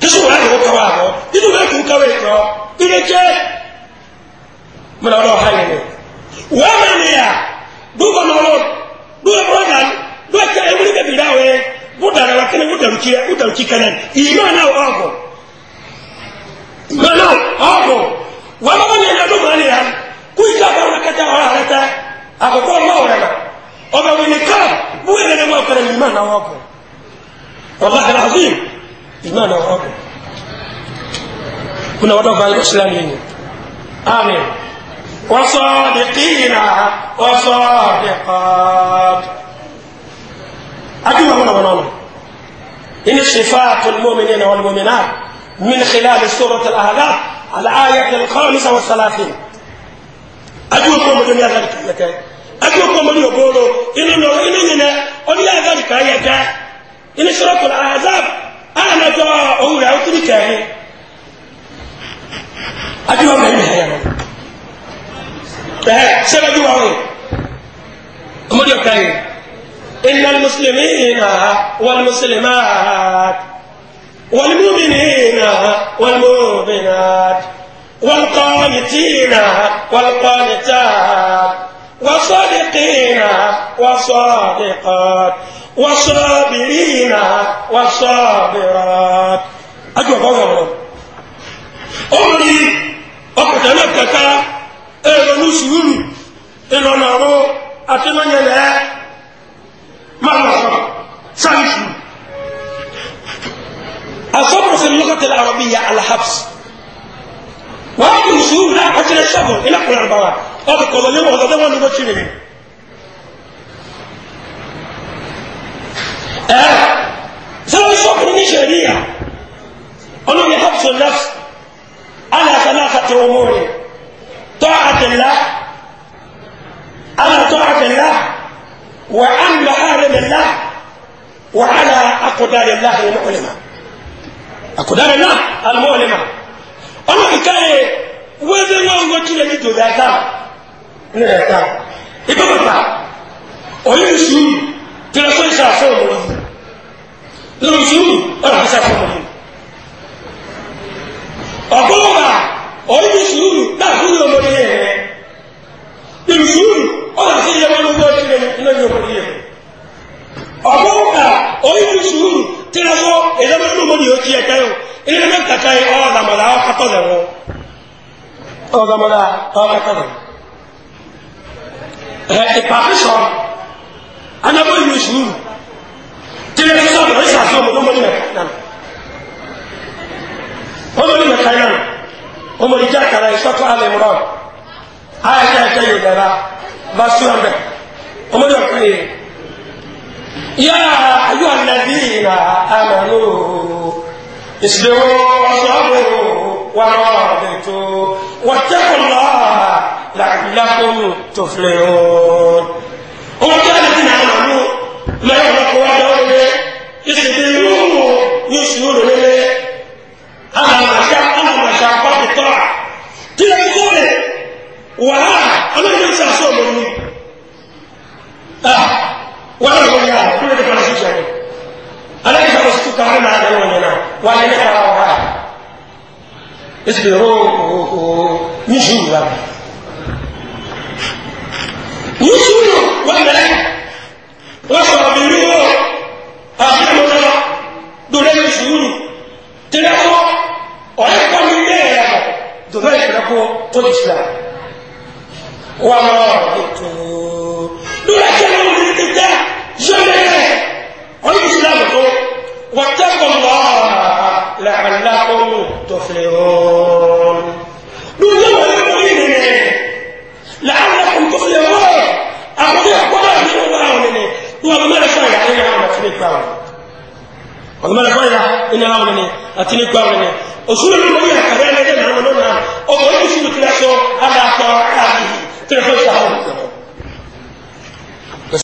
kesi wòle ayi wò kawa abɔ inu wòle kò kawa yi kɔ ike tse mena wòle ɔha yi ni wòle ama ni ya do kɔnɔ wò do ɛkplɔ da do ɛkɛ ewuli bɛbi da wòye wò da da wa kɛnɛ wò da wò tsi wò da wò tsi kɛnɛ iye ma na wò ɔbɔ ma na wò ɔbɔ wò ama wò nyɛ do ma ni ya kò yi ka ba wòle kata wòle ara ta akɔkɔ ma wòle ma ɔbɛ wòle ka wòle ne ma kɛnɛ ni ma na wò ɔbɔ wòle ala azim. ijma na wapo kuna watu wafanya islamu amen وصادقين وصادقات أكيد هنا ونونا إن صفات المؤمنين والمؤمنات من خلال سورة الأهداف الآية الخامسة والثلاثين أجوك من دنيا ذلك لك أجوك من يقولوا إنه إنه إنه إنه إنه إنه إنه إنه إنه ana na dɔ owó rẹ̀ awutiri kɛyìn adi wa mɛyin hɛyɛ no ɛhɛ sɛbɛ di wa o ɔmɔdi ɔka yi ina muslimi na wali muslima wali mumini na wali mumina wali kɔniti na wali kɔnita wasɔdi kina wasɔdi kɔti. والصابرين والصابرات أجوا بغرة أمري أقتنا كتا إلو نسوري إلو نارو أتنا نلا ما نصر سامسو الصبر في اللغة العربية الحبس وهذه السهولة حتى الصبر إلى كل أربعة أبقى ظلم وغضبان وغضبان ẹ sẹ́wọ́n sọ́kùnrin ní sẹ̀ríyà ọlọ́run hapso nafs alasana kàtẹ́ ọmọ rẹ̀ tọ́ àtẹ̀lá alatọ́ àtẹ̀lá wà á ń lọ àrẹ̀mẹ̀lá wà á la akọ̀dàrẹ̀ láàrin mọ́ọ̀lẹ́mà akọ̀dàrẹ̀ náà alimọ́ọ̀lẹ́mà ọlọ́run káyẹ̀ wẹ́ẹ́dẹ́ náà ń gbọ́jú lẹ́ni dòdà dáa ní ẹ̀ka ìbọ̀bọ̀ta òyìnbó sùúrù tẹ̀lé fún ìṣe àfọ́ òmùrí lórí sùúrù ọ̀nà ìṣe àfọ́ òmùrí ọ̀gbọ́nà ọ̀rí sùúrù láàbí ní ọmọdé yẹn rẹ̀ lórí sùúrù ọ̀nà ìṣe ìyẹn wọn lọ́wọ́ ìṣe lórí ọmọdé yẹn ọ̀gbọ́nà ọ̀rí sùúrù tẹ̀lé fún ìṣe ọmọdé yóò ti ẹ̀ kẹ́rù ilé mẹ́tàkà yìí ọ̀rọ̀ àdàmọ̀dà ọ̀kátọ̀ lẹ̀ wọn ọ̀rọ̀ àdàmọ̀dà ọ̀kátọ̀ lẹ̀ wọn. ìpàfẹ́sọ̀ anabɔ yi oṣù yìí tẹlɛ kí sọ̀rọ̀ ẹ ṣàfihàn ọmọdé ọmọdé mẹka nana ọmọdé mẹka nana ọmọdé jẹ àkàrà ìṣọtọ alẹ mọrọ ayẹyẹ ẹjẹ yìí dara bá sùnà bẹ ọmọdé ọkọ yìí yà ayọ alẹbi na amẹnu ìṣèwọ ọsọgbọ wà lọrọ wàtẹkùnlá làkùnlá kò tó filẹ ọ ọmọdé alẹbi na lẹ́yìn ọkọ̀ wa lọ́wọ́ rẹ̀ ìsìn bí yóò ní sùúrù rẹ̀ alàmàṣà alàmàṣà pàtẹ́tọ́ à kí lè kó rẹ̀ wàhálà ọlọ́run ti sàṣọ ọmọ mi wàhálà ọmọ mi àwọn kúrò nípa ṣíṣe ọ̀rẹ́ alẹ́ ìgbà wọ́n sì tún kárí náà lẹ́wọ̀n yẹn náà wàhálà yẹn kára wà á ìsìn bí yóò ní sùúrù rẹ̀ ní sùúrù wọ́n mẹ́rin wọ́n sọ̀rọ̀ mi rí wọ́n àbí mo lọ dòdò ní sùúrù tẹ́lẹ̀ kọ́ ọ̀rẹ́ kọ́ mi lé ẹ̀yà dòdò ìṣẹ̀lẹ̀ kọ́ tó lè ṣe àná wọ́n mọ̀ ètò dòdò ìṣẹ̀lẹ̀ kọ́ mi lè tẹ́ yọlẹ̀ rẹ̀ wọ́n yìí ṣe àbùkù wọ́n tẹ́ kọ́ lọ́ làálàá ọ̀hún tó fẹ́ ọ́n dòdò ìṣẹ̀lẹ̀ kọ́ mi lè tẹ́ làálàá ọ̀hún tó fẹ́ ọ́n àwọn ọ̀gbọ́n ẹ̀kọ́ ìyá iná láwọn ni àti nípa ọ̀rẹ́ ni òṣùlẹ̀ ló lórí àkàrẹ́ ẹ̀rẹ́ náà ọmọ oníṣùlù kí lásán aláàtọ̀ aláàbí tí wọ́n fẹ́ sàárọ̀